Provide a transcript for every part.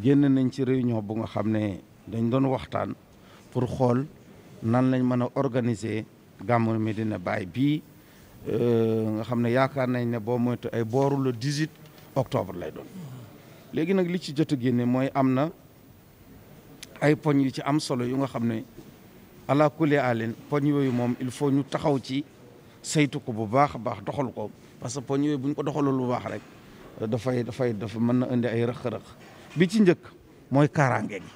génn nañ ci réunion bu nga xam ne dañ doon waxtaan pour xool nan lañ mën a organiser gàmmu Medina Baye bii euh, nga xam ne yaakaar nañ ne boo moytu ay booru le 18 octobre lay doon léegi nag li ci jot génne mooy am na ay poñ yu ci am solo yu nga xam ne ala kulli alin poñ yooyu moom il faut ñu taxaw ci saytu ko bu baax a baax doxal ko parce que poñ yooyu bu ñu ko doxalul bu baax rek dafay dafay dafa mën na indi ay rëq-rëq bi ci njëkk mooy karange gi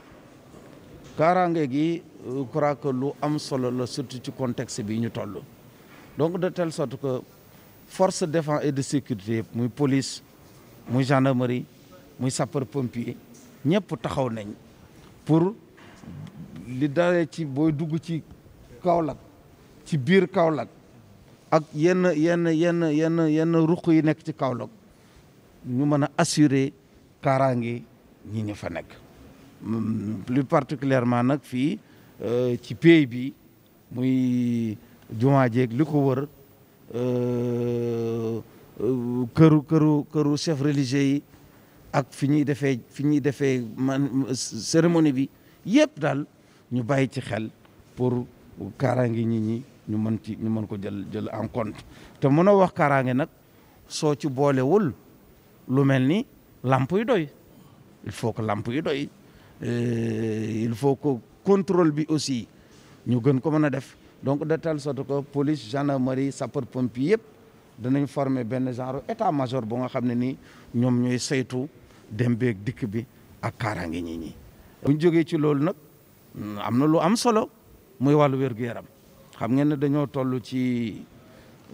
karange gi euh, je crois que lu am solo la surtout ci contexte bi ñu toll donc de telle sorte que force de défense et de sécurité yëpp muy police muy gendarmerie muy sapeur pompier ñëpp taxaw nañ pour li dalee ci boy dugg ci kaolak ci biir kaolak ak yenn yenn yenn yenn yenn ruq yi nekk ci kaolak ñu mëna assurer kaaraange ñi ñu fa nek mm, plus particulièrement nag fii euh, ci pays bi muy juma jek liko ko wër euh, euh, këru këru këru chef religieux yi ak fiñi défé fiñi défé cérémonie bi yépp dal ñu bayyi ci xel pour karangi ñi ñi ñu mën ci ñu mën ko jël jël en compte té mën wax karangi nak so ci bolé wul lu melni lampuy doy il faut que lampe yi doy euh, il faut que contrôle bi aussi ñu gën ko mëna def donc de telle sorte que police gendarmerie sapeur pompier yépp danañ former ben genre état major bu nga xamné ni ñom ñoy saytu dem beeg dik bi ak karangi ñi ñi buñ joggé ci lool nak amna lu am solo muy walu wér-gu-yaram xam ngeen ne dañoo tollu ci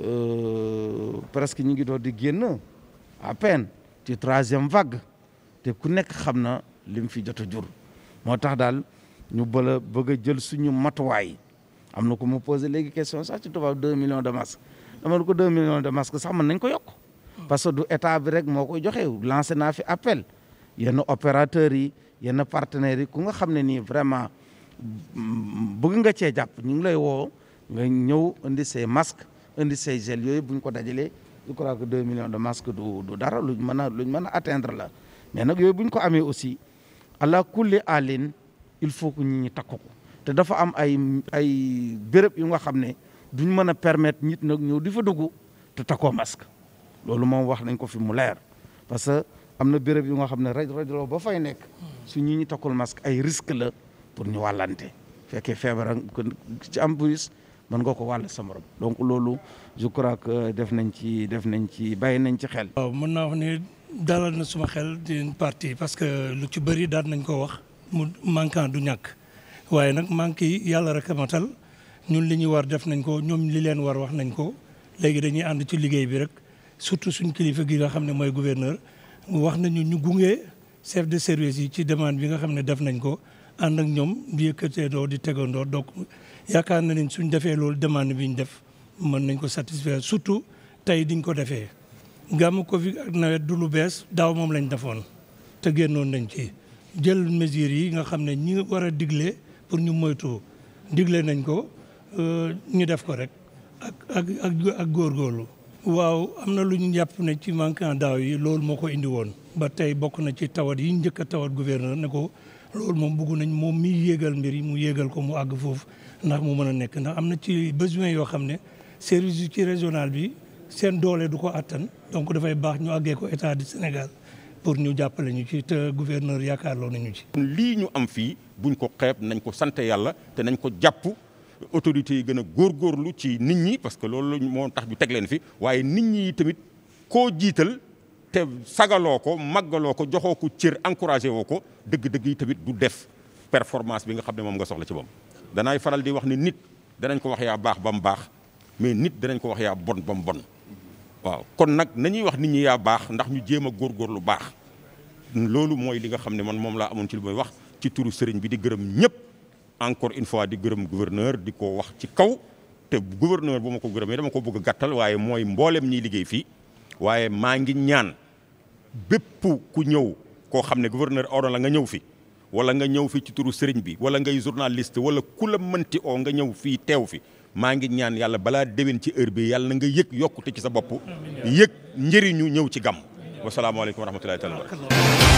euh, presque ñi ngi do di génn à peine ci troisième vague te ku nekk xam na li mu fi jot a jur moo tax daal ñu bëla bëgg a jël suñu matuwaay am na ku mu posé léegi question sax ci tubaab 2 millions de masques dama ne ko 2 millions de masques sax nañ ko yokk parce que du état rek moo koy joxe lancé naa fi appel yenn opérateurs yi yenn partenaires yi ku nga xam ne nii vraiment bëgg nga cee jàpp ñu ngi lay woo nga ñëw indi say masques indi say gel yooyu bu ko dajalee je crois que 2 millions de masques du du dara luñ mën a luñ mën a atteindre la. mais nag yooyu bu ñu ko amee aussi ala kulli alin il faut que nit ñi ko te dafa am ay ay béréb yu nga xam ne duñ mën a permettre nit nag ñëw di fa dugg te takkoo masque loolu moom wax nañ ko fi mu leer parce que am na béréb yu nga xam ne raj rajloo ba fay nekk su ñi ñi takkul masque ay risque la pour ñu wàllante fekkee feebar ci am plus mën nga ko wàll sa morom donc loolu je crois que def nañ ci def nañ ci bàyyi nañ ci xel. mën naa wax dalal na suma xel di partie parce que lu ci bëri daan nañ ko wax mu manquant du ñàkk waaye nag manque yi yàlla rek a ñun li ñu war def nañ ko ñoom li leen war wax nañ ko léegi dañuy ànd ci liggéey bi rek surtout suñ kilifa gi nga xam ne mooy gouverneur wax nañu ñu gunge chef de service yi ci demande bi nga xam ne def nañ ko ànd ak ñoom di yëkkatee doo di tegandoo donc yaakaar na nañ suñ defee loolu demande bi ñu def mën nañ ko satisfaire surtout tey diñ ko defee gàmmu Covid ak nawet du lu bees daaw moom lañ defoon te génnoon nañ ci jël mesures yi nga xam ne ñi war a digle pour ñu moytu digle nañ ko euh, ñu def ko rek ak ak ak ak góorgóorlu. waaw am na lu ñu jàpp nañ ci manquent daaw yi loolu moo ko indi woon ba tey bokk na ci tawat yi njëkk a tawat gouverneur na ko loolu moom bëgg nañ moom mi yéegal mbir yi mu yéegal ko mu àgg foofu ndax mu mën a nekk ndax am na ci besoin yoo xam ne service yu ci régional bi. seen doolee du ko attan donc dafay baax ñu àggee ko état di Sénégal pour ñu jàppale ñu ci te gouverneur yaakaarloo nañu ci. lii ñu am fii buñ ko xeeb nañ ko sant yàlla te nañ ko jàpp autorités yi gën a góor góorgóorlu ci nit ñi parce que loolu moo tax ñu teg leen fi waaye nit ñi tamit koo jiital te sagaloo ko maggaloo ko joxoo ko cër encouragé woo ko dëgg-dëgg yi tamit du def performance bi nga xam ne moom nga soxla ci moom. danay faral di wax ni nit danañ ko wax yaa baax ba mu baax mais nit danañ ko wax yaa bon ba waaw kon nag nañuy wax nit ñi yaa baax ndax ñu jéem a lu baax loolu mooy li nga xam ne man moom laa amoon ci lu may wax ci turu sëriñ bi di gërëm ñëpp encore une fois di gërëm gouverneur di ko wax ci kaw te gouverneur bu ma ko gërëmee dama ko bëgg a waaye mooy mbooleem ñiy liggéey fii waaye maa ngi ñaan bépp ku ñëw koo xam ne gouverneur ordon la nga ñëw fi wala nga ñëw fi ci turu sëriñ bi wala ngay journaliste wala ku la mënti oo nga ñëw fii teew fi maa ngi ñaan yàlla balaa déwén ci heure bi yàlla na nga yëg yokkute ci sa bopp yëg njëriñu ñëw ci gàmm wasalaamaaleykum wa rahmatullahi taala